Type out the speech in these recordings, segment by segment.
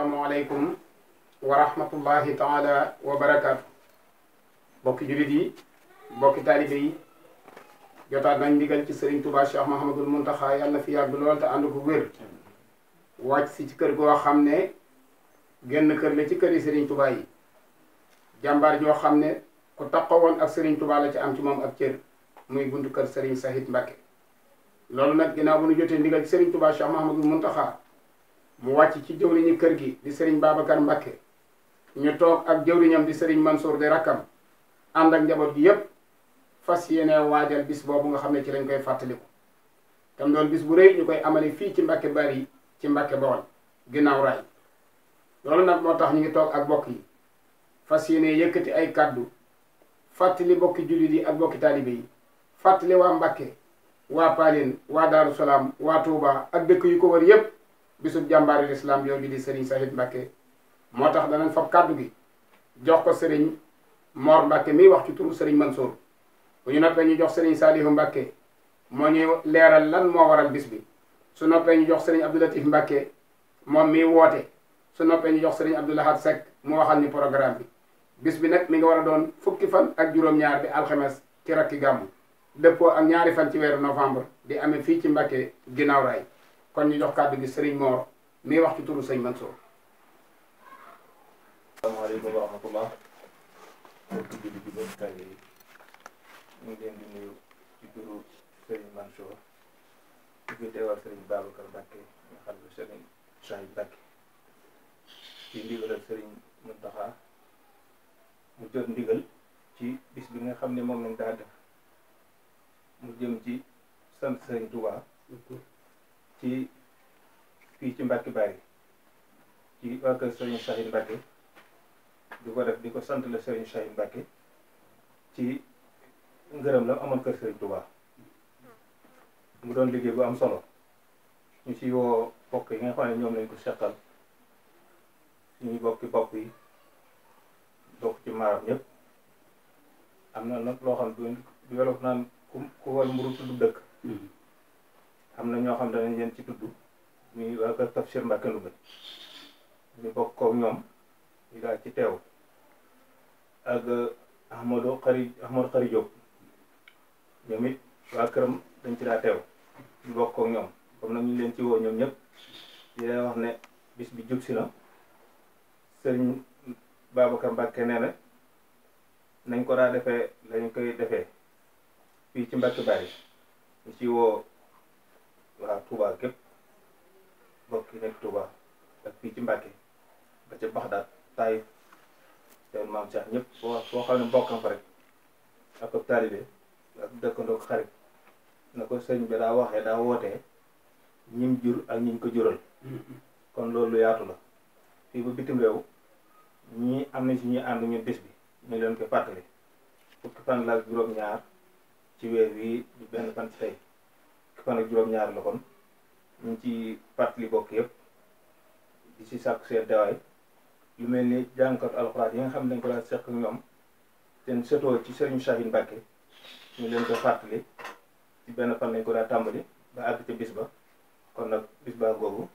asalaamualeykum wa rahmatullahi taala wa barakaatu bokki jullit yi bokki taalibe yi jotaat nañ ndigal ci sëriñ Touba Cheikh Mahamadul Muntaxa yàlla fi yàgg lool te ànd ko wér wàcc si ci kër goo xam ne génn kër la ci kër yi sëriñ Touba yi jàmbaar joo xam ne ku woon ak sëriñ Touba la ci am ci moom ak cër muy buntu kër sëriñ Sahid Mbacke loolu nag ginnaaw bu ñu jotee ndigal ci sëriñ Touba Cheikh Mahamadul Muntaxa mu wàcc ci jëwriñu kër gi di sëriñ Babacar Mbakke ñu toog ak jëwriñam di sëriñ Mansour di rakkam ànd ak njaboot gi yépp fas yéene waajal bis boobu nga xam ne ci lañ koy fàttaliku tam doon bis bu rëy ñu koy amale fii ci Mbakke Bari ci Mbakke Bawol ginnaaw raay loolu nag moo tax ñu ngi toog ak bokk yi fas yéene yëkkati ay kàddu fàttali bokki jullit yi ak bokki taalibe yi fàttali waa Mbakke waa Paaleen waa Daaru Salaam waa Touba ak dëkk yu ko wër bisub jàmbaari lislaam yow ji di sëriñ Sahid Mbacke moo tax danañ fab kàddu gi jox ko sëriñ Mor Mbacke miy wax ci turu sëriñ Mansour bu ñu noppee ñu jox sëriñ Salihu Mbacke moo ñuy leeral lan moo waral bis bi su noppee ñu jox sëriñ Abdoulatif Mbacke moom miy woote su noppee ñu jox sëriñ Abdoulahad Seck mu waxal ni programme bi bis bi nag mi nga war a doon fukki fan ak juróom-ñaar bi alxames ci rakki gàmmu dëppoo ak ñaari fan ci weeru novembre di amee fii ci Mbacke ginnaaw raay kon ñu jox kàddu gi sëriñ moo mi wax ci turu sëñ Mansour. asalaamaaleykum wa rahmatulah. mbokki jullit yi ngi leen di nuyu ci turu sëriñ Mansour di fi teewal sëriñ Babacar Mbacke ñu xam ne sëriñ Saïd Mbacke ci mu jot ndigal ci bis bi nga xam ne moom lañ daa def mu jëm ci sant sëriñ Touba. Mm-hmm. ci fii ci Mbacke Bari ci waa kër Serigne Sahid Mbacke di ko def di ko sant la Serigne Sahid Mbacke ci ngërëm la amoon kër Serigne Touba mu doon liggéey bu am solo ñu ci woo bokk yi nga xam ne ñoom lañ ko seqal ñuy bokki bokk yi bokk ci maaram ñëpp am na nag loo xam du wolof naan ku ku wal mburu tudd dëkk mm-hmm. am na ñoo xam danañ leen ci tudd muy waa kër Tafsir Mbàkke Ndoumbé ñu bokk koog ñoom ñu daal ci teew ak Ahmadou Xari Ahmadou Xari Diop ñoom it waa këram dañ ci daa teew ñu bokk koog ñoom comme nag ñu leen ci woo ñoom ñëpp di leen wax ne bis bi jub si na sëriñ Babacar Mbàkke nee na nañ ko daa defee lañ koy defee fii ci Mbàkke Bari ñu ci woo waa Touba gépp mbokk yi nekk ak fii ci Mbacke ba ca Baxdaad Taïf seen maam Cheikh ñëpp boo boo xam ne mbokkam fa rek ak ab taalibe ak dëkkandoo ak xarit na ko sëñ bi daa waxee daa wootee ñim jur ak ñim ko jural mm-hmm. kon loolu yaatu la fii ba bitim réew ñii am na si ñuy ànd ñu bis bi ñu leen koy fàttali fukki fan la juróom-ñaar ci weer wi benn fan ci tey fukki fan ak juróom-ñaar la ñu ngi ci fàttali bokk yëpp ci sàkku seen dawaay lu mel ni jàngkat alxuraan yi nga xam ne dañ ko daan seq ñoom seen sëtoo ci sëriñ Sahin Mbàkke ñu leen ko fàttali ci benn fan nañ ko daan tàmbali ba àgg ca bis ba kon nag bis ba googu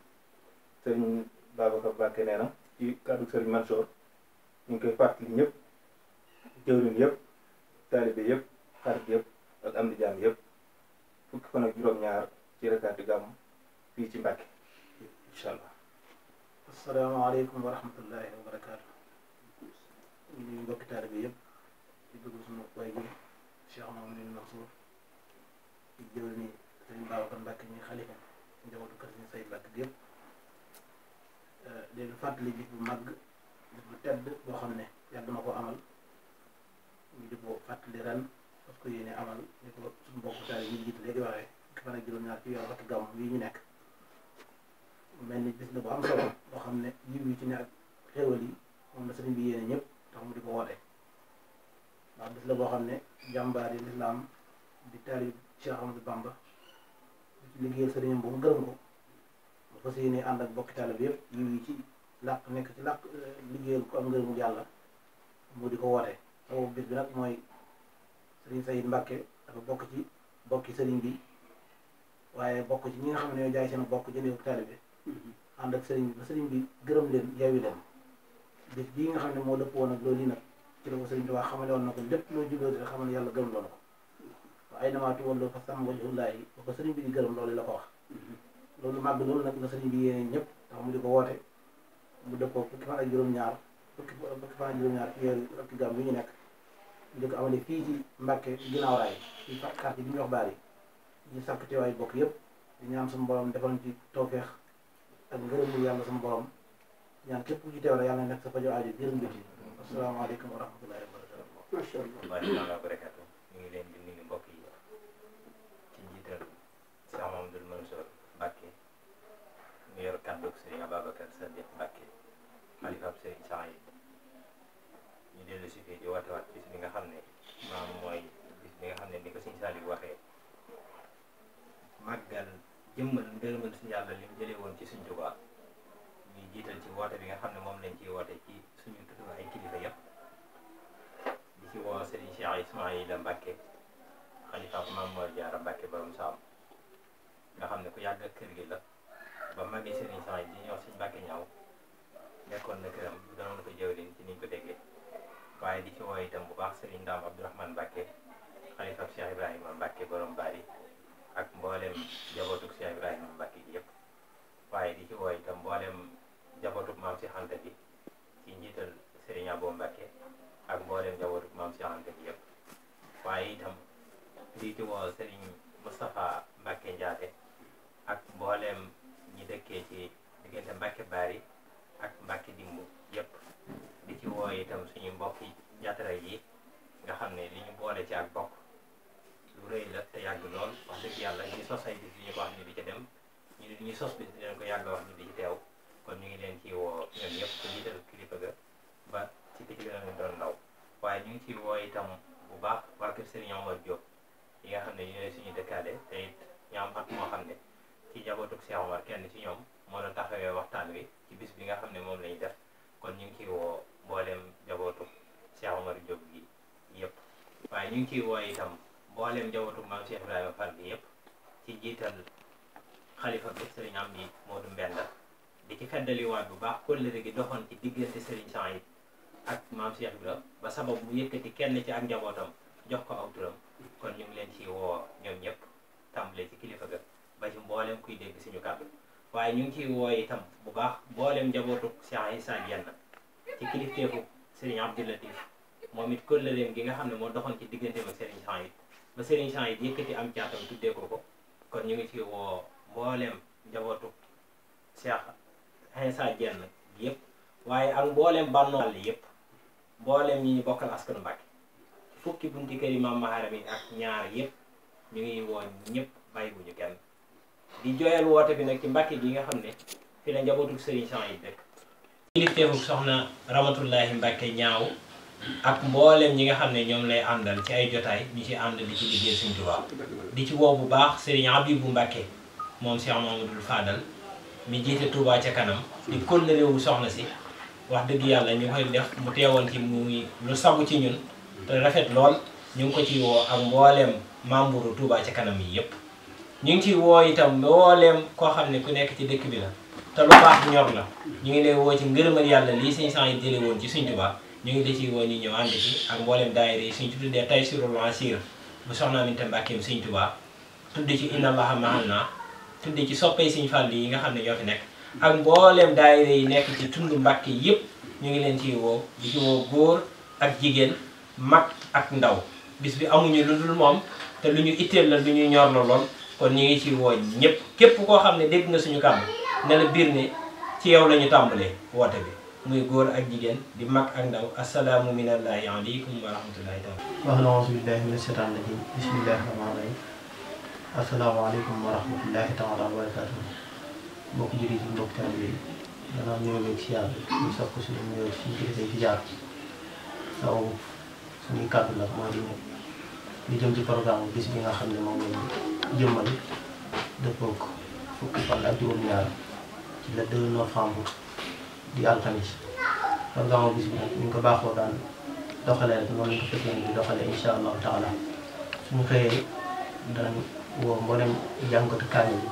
sëriñ Babacar Mbàkke nee na ci kàddu sëriñ Mansour ñu ngi koy fàttali ñëpp jëwriñ yëpp taalibe yëpp xarit yëpp ak am di jaam yëpp fukki fan ak juróom-ñaar ci rakaatu gàmm fii ci Mbàkke incha allah. asalaamaaleykum wa rahmatullahi wa barakaatu. ñu mbokki taalibe yëpp di dugg suñu waay bi Cheikh Mamadou Mansour di jëwal ni Sëriñ Babacar Mbàkke ñuy xalifa njabootu kër Sëriñ Say Mbàkke bi yëpp euh, leen fàttali bis bu màgg bis tedd boo xam ne yàgg na ko amal ñu di fàttali ren. parce que yéene amal ni ko suñu mbokk taal yi jiit léegi waxee fukki fan a juróom-ñaar ci yor waxtu gàmm yi ñu nekk mel ni bis la bu am solo boo xam ne yiw yi ci ne ak xéewal yi moom la sëriñ bi yéene mu di ko woote ndax boo xam ne jàmbaar yi lislaam di taali Cheikh Amadou Bamba di liggéeyal sëriñam boobu gërëm ko mu fas yéene ànd ak bokki taal bi yëpp yiw yi ci làq nekk ci làq liggéeyal ko am ngërëmu yàlla mu di ko woote sababu bis bi nag mooy sëriñ Sayid Mbàkke dafa bokk ci bokki sëriñ bi waaye bokk ci ñi nga xam ne ñoo jaay seen bokk jëndee mm-hmm. ak taalibe ànd bi ba bi gërëm leen yeewi leen bis bii nga xam ne moo dëpp woon ak loolu yi nag ci la ko sëriñ Tuubaa xamale lépp loo jubloo te yàlla gërëm loolu ko mm-hmm. waaye damaatu woon loolu fa bi gërëm loolu la ko wax mm-hmm. loolu màgg loolu nag la sëriñ bi yéene ñëpp tax mu di ko woote mu dëppoo fukki fan ak juróom-ñaar fukki fukki fan ak juróom-ñaar ci weeru ak gàmm ñu nekk di ko amale fii ci Mbàkke ginnaaw raay ci quartier bi ñuy wax baar yi ñu sàkk teewaay bokk yëpp di ñaan sama borom defal ci toofeex ak ngërëmul yàlla sama borom ñaan képp ku ci teew yàlla nekk sa fajo aajo biir mbir yi asalaamaaleykum wa rahmatullahi wa barakatuh nag kër gi la ba magi Serigne Sang yi ñuy wax Serigne Mbacke ñaaw nekkoon na këram danoon ko jëwriñ ci niñ ko déggee waaye di ci wooy itam bu baax Serigne Ndam Abdourahmane Mbacke xalifab Cheikh Ibrahima Mbacke borom baar yi mooy itam suñu mbokk jatara yi nga xam ne li ñu boole ci ak bokk lu rëy la te yàgg lool wax dëgg yàlla ñi sos ay bis di ñu ko wax ni di ci dem ñu di ñu sos bis di leen ko yàgg kon ñu ngi leen ci woo ñoom ñëpp ku jiital ga ba ci ki a ndaw waaye ñu ngi ci woo itam bu baax barke Sëriñ Omar Diop yi nga xam ne ñooy suñu dëkkaale te it ñu moo xam ne ci jabootug Cheikh Omar kenn ci ñoom moo doon taxawee waxtaan wi ci bis bi nga xam ne moom lañu def kon ñu ngi ciy mboolem njabootu Cheikh Omar Diop gi yëpp waaye ñu ngi ciy woo itam mboolem njabootu maam Cheikh Ibrahima Fall bi yëpp ci jiital xalifa bi sëriñ am yi Modou Mbenda di ci feddaliwaat bu baax kóllëre gi doxoon ci diggante sëriñ Sang yi ak maam Cheikh Ibrahima ba sabab mu yëkkati kenn ci ak njabootam jox ko aw turam kon ñu ngi leen ci woo ñoom ñëpp tàmbale ci kilifa ga ba ci mboolem kuy dégg suñu kàddu waaye ñu ngi ciy woo itam bu baax mboolem njabootu Cheikh Issa Diène ci kilifteefu Serigne Abdou Latif moom it kóllëreem gi nga xam ne moo doxoon ci digganteem ak Serigne Jean yi ba Serigne Jean yi yëkkati am caatam tuddee ko ko kon ñu ngi ci woo mbooleem njabootu Cheikh Insa Diène yëpp waaye ak mbooleem bànnoo àll yëpp mbooleem ñi ñu bokkal askanu Mbàkke fukki bunti kër yi maam maharam yi ak ñaar yëpp ñu ngi woo ñëpp bàyyiwuñu kenn di jooyal woote bi nag ci Mbàkke gi nga xam ne fi la njabootu Serigne Jean yi dëkk kilifteefu soxna Ramatoulaye Mbacke ñaaw ak mboolem ñi nga xam ne ñoom lay àndal ci ay jotaay ñu ci ànd di ci liggéey Sëriñ Tuubaa di ci woo bu baax Serigne Abibou Mbacke moom Cheikh Mamadou Fadal mi jiite Touba ca kanam di kóllëre wu soxna si wax dëgg yàlla ñu koy def mu teewoon ci muy lu sagu ci ñun te rafet lool ñu ngi ko ci woo ak mbooleem membre Touba ca kanam yi yépp ñu ngi ci woo itam mbooleem koo xam ne ku nekk ci dëkk bi la te lu baax ñor la ñu ngi lay woo ci ngërëmal yàlla lii sëñ sang yi jële woon ci Sëñ Tuubaa ñu ngi la ciy woo ñu ñëw ànd ci ak mboolem daayira yi suñ ci tuddee Taysiirul Asiir bu soxna Aminta Mbàkkeem Sëñ Tuubaa tudd ci inna allaha maana tudd ci soppee Sëñ Fall yi nga xam ne ñoo fi nekk ak mboolem daayira yi nekk ci tund Mbàkke yëpp ñu ngi leen ciy woo di ci woo góor ak jigéen mag ak ndaw gis bi amuñu lu dul moom te lu ñu itteel la lu ñu ñor la lool kon ñu ngi ci woo ñëpp képp koo xam ne dégg nga suñu kàddu ne la biir ne ci yow lañu ñu tàmbalee bi muy góor ak jigéen di mag ak ndaw asalaamu minallaahi aleykum wa rahmatullaahi taala wax na auzu billaahi mina shaytaani rajiim bismillaahi rahmaani rahiim asalaamu ñëw leen ci yàlla suñu ñëw ci kilifa yi fi jaar saw suñuy jëm ci programme bis bi nga xam ne moom lañu jëmmal dëppook fukki fan ak juróom-ñaar le 2 novembre di alxamis kon gaaw bis bi ñu ko baaxoo daan doxalee rek noonu ñu ko fekkee di doxalee incha allahu taala suñu xëyee daan woo mboolem jàngatu kaamil yi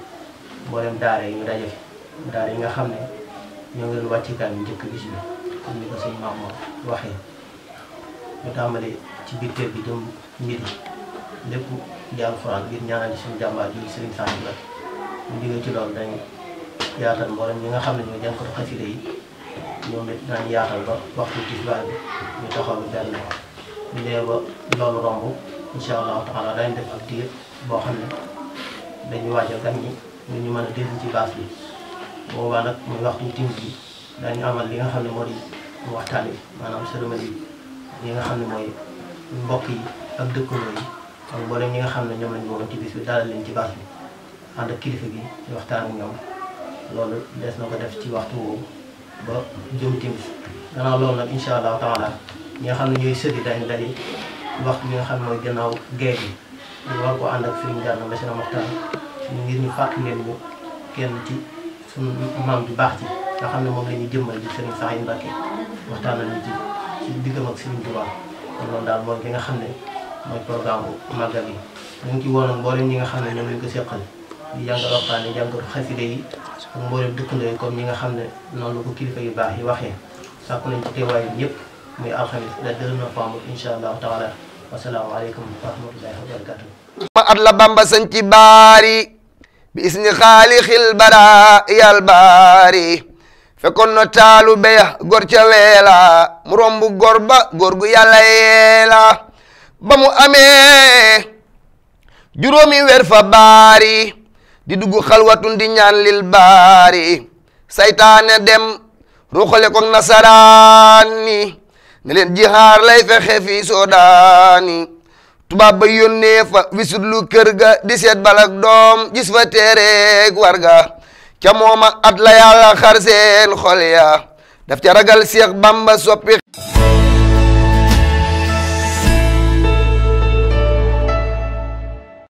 mboolem daara yi ñu yi nga xam ne ñoo ngi leen wàcc kaamil njëkk bis bi comme ni ko sëñ waxee ñu tàmbali ci biir kër gi jëm midi lépp di alxuraan ngir ñaanal ci suñu jàmbaar ji Sëriñ Sane la ñu digee ci loolu dañ yaatal mboolem ñi nga xam ne ñoo jànkatu xasida yi ñoom it daan yaatal ba waxtu tisbaar bi ñu taxaw bi benn bu dee ba loolu romb incha allahu taala dañ def ak diir boo xam ne dañuy waajal gan ñi ñu mën a dellu ci baas bi boobaa nag muy waxtu yi bi ñu amal li nga xam ne moo di mu waxtaan bi maanaam cérémonie yi nga xam ne mooy mbokk yi ak dëkkandoo yi ak mboolem ñi nga xam ne ñoom lañ bëggoon ci bis bi dalal leen ci baas bi a kilifa gi waxtaan ak ñoom loolu des na ko def ci waxtu woowu ba jëm timis gannaaw loolu nag incha allahu taala ñi nga xam ne ñooy sëddi dañ daje waxtu bi nga xam mooy gannaaw géej gi ñu war ko ànd ak suñu gàllankoor ñu fàttali leen ko kenn ci suñu maam ju baax ci nga xam ne moom la ñuy jëmmal di Serigne Saxay Mbacke waxtaan nañu ci ci diggam ak Serigne Touba kon loolu daal mooy nga xam ne mooy programme bu màggal yi. dañ ci woonoon mboolem ñi nga xam ne ñoom lañ ko seqal di jàngal waxtaan yi jàngal xaside yi ak mboolem dëkkandoo yi comme ñi nga xam ne noonu la ko kilifa yu baax yi waxee sàkku nañ ci teewaay bi yëpp muy alxamis la 2 novembre incha allahu taala wa rahmatullahi wa barakatuh ma at la bamba sañ ci baari bi isni xaalixil bara yal baari fekkoon taalu beya gor ca weela mu romb gor ba góor gu yàlla yeela ba mu amee juróomi weer fa baari di dugg xalwatun di ñaan lil baari saytaane dem ruxale ko nasaraan ni ne leen jihaar lay fexe fii soodaani tubaab ba yónnee fa wisit lu kër ga di seet balak doom gis fa teereeg warga ca mooma at la yàlla seen xol ya daf ca ragal Seex Bamba soppi